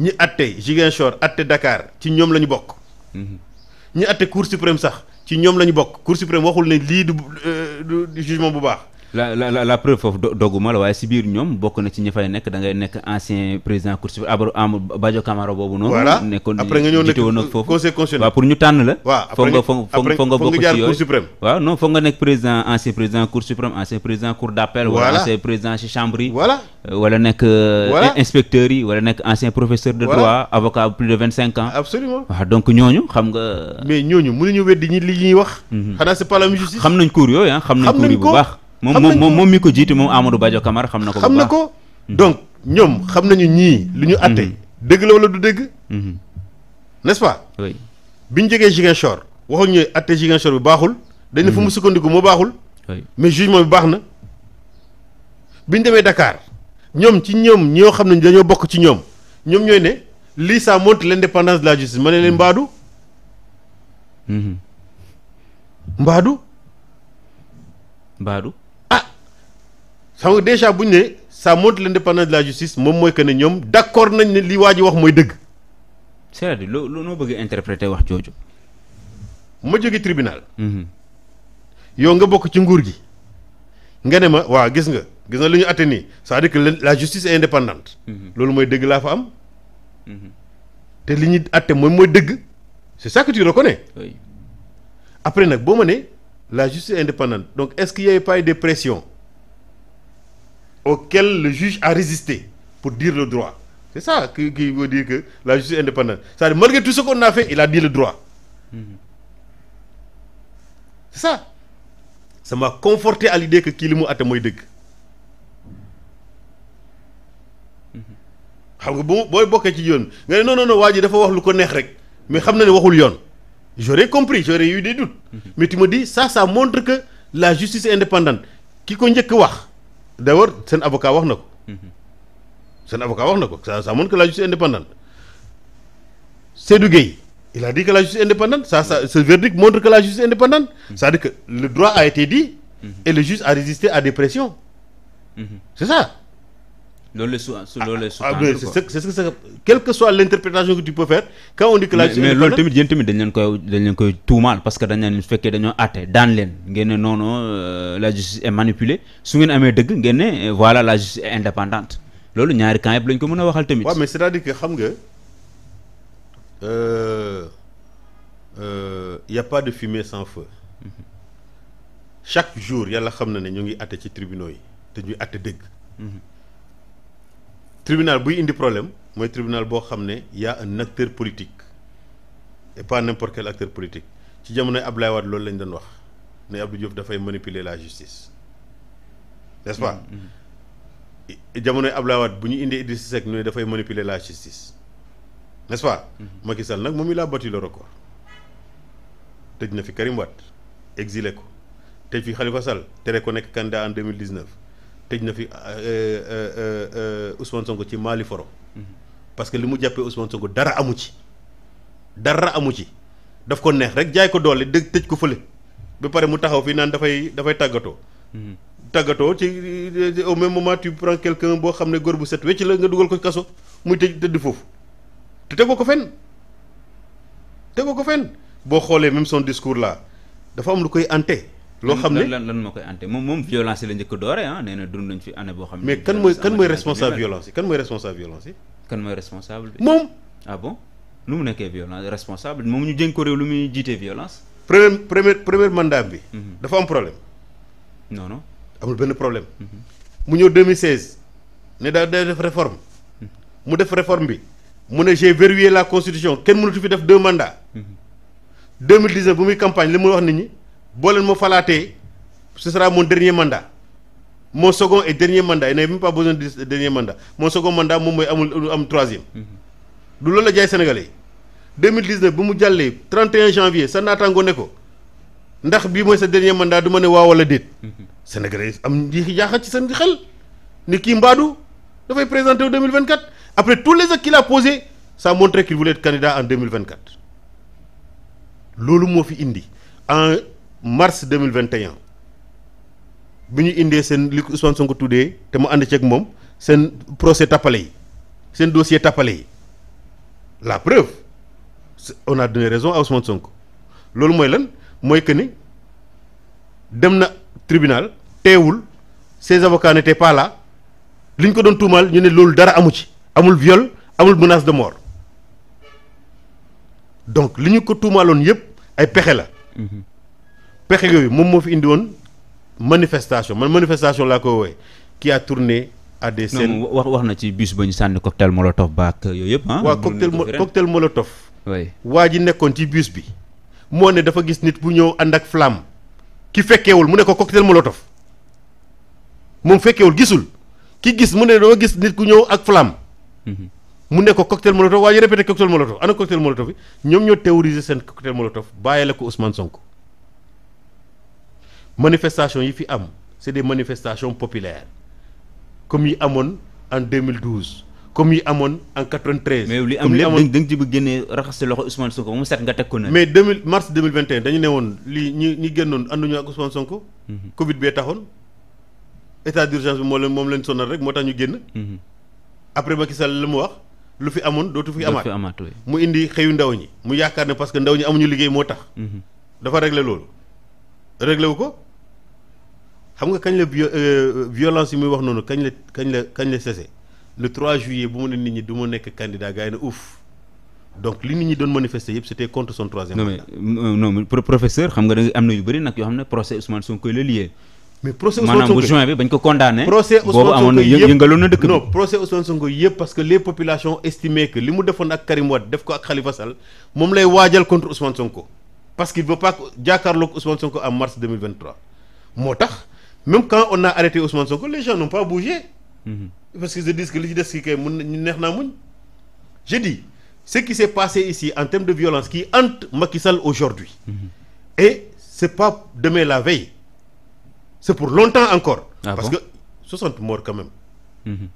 ñi atte Ziguinchor atte Dakar ci ñoom la ñu bokk. Mm-hmm. ñi atte Cour suprême sax ci ñoom lañu bokk Cour suprême waxul ne lii du euh, du jugement bu baax. la la la la preuve foofu dogguma la waaye si biir ñoom bokk na ci ñi fay nekk da ngay nekk ancien président cour suprême Amadou Amadou Badio Camara boobu noonu. voilà après nga ñëw nekk conseil constitutionnel waaw pour ñu tànn la. waaw après nga après foog nga bokk ci yooyu. waaw non foog nga nekk président ancien président cour suprême ancien président cour d'appel. wala ancien président ci chambre yi. voilà euh, wala nekk. Euh, inspecteurs yi wala nekk ancien professeur de droit avocat plus de vingt cinq ans. absolument waaw donc ñooñu xam nga. mais ñooñu mënuñu weddi ñi li ñuy wax. Mhm. xanaa c'est pas la justice. xam nañ cour yooyu ah xam nañ cour yi bu baax moom moom moom mi ko jiite moom Amadou Badio Camara xam na ko. xam na ko mhm. donc ñoom xam nañu ñii. lu ñu àtte mhm. dëgg la wala du dëgg. Mhm. n'est-ce pas. oui bi ñu jógee Ziguinchor waxuñu ne àtte Ziguinchor bi baaxul. dañ ne fu mu sukkandiku moo baaxul. mais jugement bi baax na. bi ñu demee Dakar ñoom ci ñoom ñoo xam ne dañoo bokk ci ñoom ñoom ñooy ne lii ça montre l'indépendance de la justice ma ne leen mbaadu. mbaadu. mbaadu. xam nga déjà bu ñu ne ça montre l'indépendance de la justice moom mooy que ne ñoom d'accord nañ ne li waa ji wax mooy dëgg. c'est-à-dire loo loo bëgg interpréter wax jooju. ma jóge tribunal. Mhm. yow nga bokk ci nguur gi. nga ne ma waa gis nga gis na li ñu atte nii cest à la justice est indépendante. Mhm. loolu mooy dëgg laa fa am. Mhm. te li ñuy atte moom mooy dëgg. c'est ça que ko ne oui après nag boo ma ne la justice est indépendante donc est-ce qu'il y a pas eu des pressions. auquel le juge a résisté pour dire le droit c'est ça qui qui veut la justice est indépendante c'est-à-dire malgré tout ce qu'on il a dit le droit mm-hmm. c'est ça ça m'a conforté à kii li mu àtte mooy dëgg mm-hmm. xam nga bu booy bokkee ci yoon nga ne non non non waa ji dafa wax lu ko neex rek mais xam na ne waxul yoon j'aurais compris j'aurais eu des doutes mm-hmm. mais tu me dis montre que la justice est indépendante ki ko njëkk wax d'ailleurs seen avocat wax na ko. seen avocat wax na ko ça ça montre que la justice est indépendante Seydou Gueye il a dit que la justice est ça ça ce verdict montre que la justice est indépendante. le droit a été dit. et le juge a résisté à des mm-hmm. c'est ça. loolu la su ah, loolu la ah, su. c'est ce que quelle que soit l'interprétation que tu peux faire koy dañ leen koy tuumaal parce que dañ leen fekkee dañoo àtte leen ngeen ne non non euh, la justice est manipulée su ngeen amee dëgg ngeen ne euh, voilà la justice est indépendante loolu ñaari camp yëpp lañ ko mën a waxal tamit. waaw mais c'est-à-dire que xam euh, a de fumée sans mm-hmm. chaque jour yàlla xam na ne ñu ngi àtte ci tribunaux yi te ñuy àtte dëgg. Mm-hmm. tribunal buy indi problème mooy tribunal boo xam ne yaa a un acteur politique et pas n'importe quel acteur politique ci jamonoy Abdoulaye Wade loolu lañ doon wax ne Abdou Diouf dafay manipuler la justice n'est-ce pas mm-hmm. jamonoy Abdoulaye Wade bu ñu indee Idrissa Seck ñu ne dafay manipuler la justice n'est-ce pas mm-hmm. Macky Sall nag moom il a battu le record tëj na fi Karim Wade exilé ko tëj fi Khalifa sal tere ko nekk candidat en 2019 tëj na fi euh, euh, euh, Ousmane Sonko ci maali foro parce que li mu jàppee Ousmane Sonko dara amu ci dara amu ci daf ko neex rek jaay ko doole dëgg tëj ko fële ba pare mu taxaw fii naan dafay dafay tàggatoo mhm. tàggatoo ci au même moment tu prends quelqu'un boo xam ne góor bu set wecc la nga dugal ko kaso muy tëj tëdd foofu te tegoo ko fen tegoo ko fen boo xoolee même son discours là dafa am lu koy ante loo xam ne lan lan moo koy ante moom moom violence yi la njëkk doore ah nee na dund nañ fi année boo xam ne mais kan mooy responsable violence yi kan mooy responsable violence yi kan mooy responsable bi moom ah bon mu nekkee violence responsable moom ñu jënk ko réew lu muy jiitee violence premier premier premier mandat bi mhm. dafa am problème non non amul benn problème mhm. mu ñëw 2016 ne daa day def réforme mhm. mu def réforme bi mu ne j'ai la constitution kenn mënatu fi def deux mandats 2019 bu muy campagne li muy wax nit ñi boo leen ma falaatee ce sera mon dernier mandat mon second et dernier mandat il n'est même pas besoin de dernier mandat mon second mandat moom mooy amul am troisième. Mm-hmm. du loolu la jaay sénégalais yi 2019 bu mu jàllee en janvier sa naataango ne ko ndax bii mooy sa dernier mandat du ma ne waaw wala déet. Mm-hmm. sénégalais am njiixi jaaxal ci seen xel ni kii mbaadu dafay présenté wu 2024 après tous les actes qu'il a posé ça montré qu'il voulait être candidat en 2024 loolu moo fi indi mars 2021 bi ñu indee seen li ko Ousmane Sonko tuddee te mu ànd ceeg moom seen procès tappale yi seen dossier tappale yi la preuve on a donné raison à Ousmane Sonko loolu mooy lan mooy que ni dem na tribunal teewul ses avocats n'étaient pas li ñu ko doon tuumaal ñu ne loolu dara amu ci amul viole amul menace de mort donc li ñu ko tuumaaloon yëpp ay pexe la. Mm-hmm. pexe yooyu moom moo fi indi woon manifestation man manifestation laa ko woowee qui a tourné à des wax wax na ci bus ba ñu sànni cocktail molotov ba ak yooyu yëpp ah. waaw cocktail cocktail molotov. oui waa ji nekkoon ci bus bi. moo ne dafa gis nit bu ñëw ànd ak flamme ki fekkeewul mu ne ko cocktail molotov moom fekkeewul gisul ki gis mu ne dafa gis nit ku ñëw ak flamme. Mhm. mu ne ko cocktail molotov waa ji répété cocktail molotov ana cocktail molotov bi ñoom ñoo seen cocktail molotov bàyyi la ko Ousmane Sonko. manifestation yi fi am c'est des manifestations populaires comme yi amoon en 2012 comme yi amoon en 93. mais li am lépp da nga ci bëgg génne raxas sa loxo Ousmane Sonko ba mu set nga teg ko na mais 2000 mars 2021 dañu ne woon lii ñi ñi génnoon ànduñu ak Ousmane Sonko. Mhm. Covid bee taxoon état d'urgence bi moo leen moom leen sonal rek moo tax ñu génn. Mhm. après Macky Sall la mu wax lu fi amoon dootu fi amaat amaat mu indi xëyu ndaw ñi mu yaakaar ne parce que ndaw ñi amuñu liggéey moo tax. Mhm. dafa régler loolu régler wu ko. xam nga kañ la euh, violence yi muy wax noonu kañ la kañ la kañ la cessé le 3 juillet bu mu ne nit ñi du nekk candidat gars yi ne ouf donc li nit ñi doon manifester yëpp c' était contre son troisième mandat. non mais euh, non professeur xam nga da am na yu bëri nag yoo xam ne procès Ousmane Sonko la lié. mais procès Ousmane Sonko maanaam bu ko condamné. parce que les populations estimaient que li mu defoon ak Karim Wade def ko ak Khalifa moom lay waajal contre Ousmane Sonko parce qu'il veut pas jàkkaarloog Ousmane Sonko en mars 2023 tax. même quand on a arrêté Ousmane Sonko les gens n'ont pas bougé. Mmh. parce que je dis que li ci des kii kay mun ñu neex naa muñ. je dis ce qui s'est passé ici en termes de violence qui hante Macky Sall aujourd'hui mmh. et c'est pas demain la veille c'est pour longtemps encore. Ah parce que 60 morts quand même. Mmh.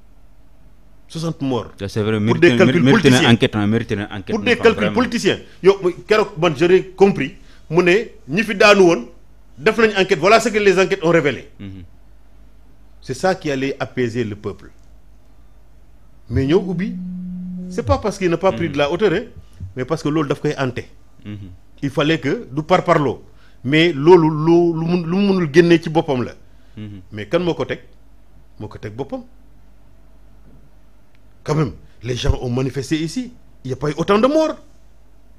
60 morts. c'est vrai pour des calculs politiciens enquête mérité na enquête pour compris mu ne ñi fi daanu woon. def nañ enquête voilà ce les enquêtes ont révélé mhm. c'est ça qui allait apaiser le peuple mais ñëw ubbi c'est pas parce qu'il n'a pas pris mhm. de la hauteur mais parce que loolu daf koy ante mhm. il fallait que du par parloo mais loolu loo lu mun lu mu munul génnee ci boppam la mais kan moo ko teg moo ko teg boppam quand les gens on manifesté ici il ay a pas eu autant de morts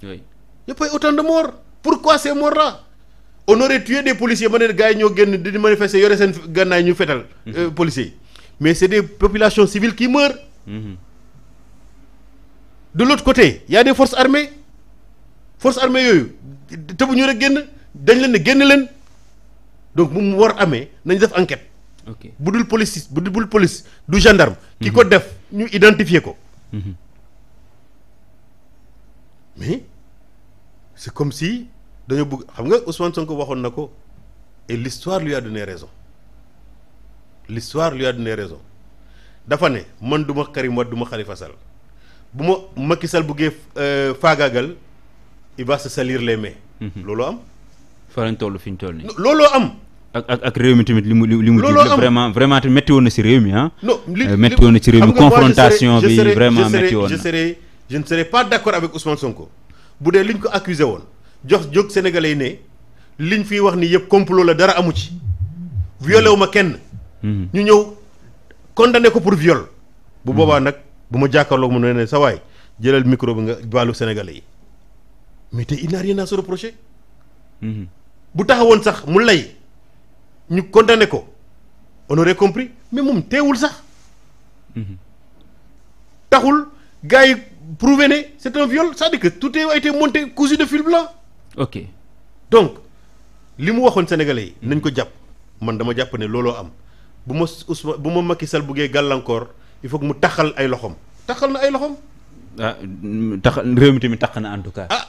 oui il pourquoi ces morts là on aurait tué des policiers ma ne gars yi ñoo génn di manifester yore seen gànnaay ñu fetal mhm. euh, policiers yi mais c'est des populations civiles ki meurent mmh. de l'autre côté y a des forces armées forces armées yooyu tëbu ñu rek génn dañ leen ne génn leen donc mu war amee nañ def enquête bu dul police bu dul police du gendarme ki ko mhm. def ñu identifier ko mhm. mais c'est comme si dañu bëgg xam nga Ousmane Sonko waxoon na ko et l'histoire lui a donné raison l'histoire lui a raison dafa ne man du ma Karim Wade du ma Khalifa Sall bu ma Macky Sall buggee euh, faagaagal il va se salir les mains. Mhm. looloo am. fa lañ toll fi ñu toll nii. looloo am. ak ak ak réew mi tamit li mu li mu. looloo am vraiment vraiment tamit métti woon na ci réew mi ah. non li euh, li woon na ci réew mi confrontation bi vraiment métti woon na je serai je ne serai pas d'accord avec Ousmane Sonko bu dee liñ ko accusé woon. jox jóg sénégalais yi ne liñ fiy wax ni yëpp complot la dara amu ci violé wu ma kenn. Mhm. ñu ñëw condamné ko pour viol. bu mhm. boobaa nag bu ma jàkkaarloo mu ne ne sa waay jëlal micro bi nga baalu sénégalais yi mais te il n'a rien à mhm. bu taxawoon sax mu lay ñu condamné ko on aurait compris mais moom teewul sax. taxul gars yi prouvé ne c'est un viol c'est-à-dire que tout a été de fil blanc. ok donc li mu waxoon sénégalais yi. Hmm. nañ ko jàpp man dama jàpp ne looloo am bu ma Ousmane bu ma Macky sal buggee gàllankoor il faut mu taxal ay loxoom taxal na ay loxoom. ah tax réew mi tamit tax na en tout cas. Ah.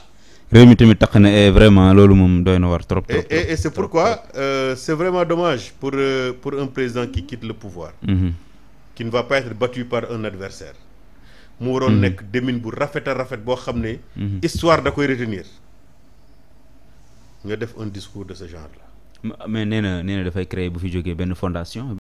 réew mi tamit tax na et vraiment loolu moom doy na war trop. trop et et c'est pourquoi euh, c'est vraiment dommage pour euh, pour un président qui quitte le pouvoir. mm qui ne va pas être battu par un adversaire mu waroon mm-hmm. nekk demin bu rafet rafet boo xam ne. Mm-hmm. histoire da koy retenir. nga def un discours de ce genre là. mais nee na dafay créer bu fi jógee benn fondation.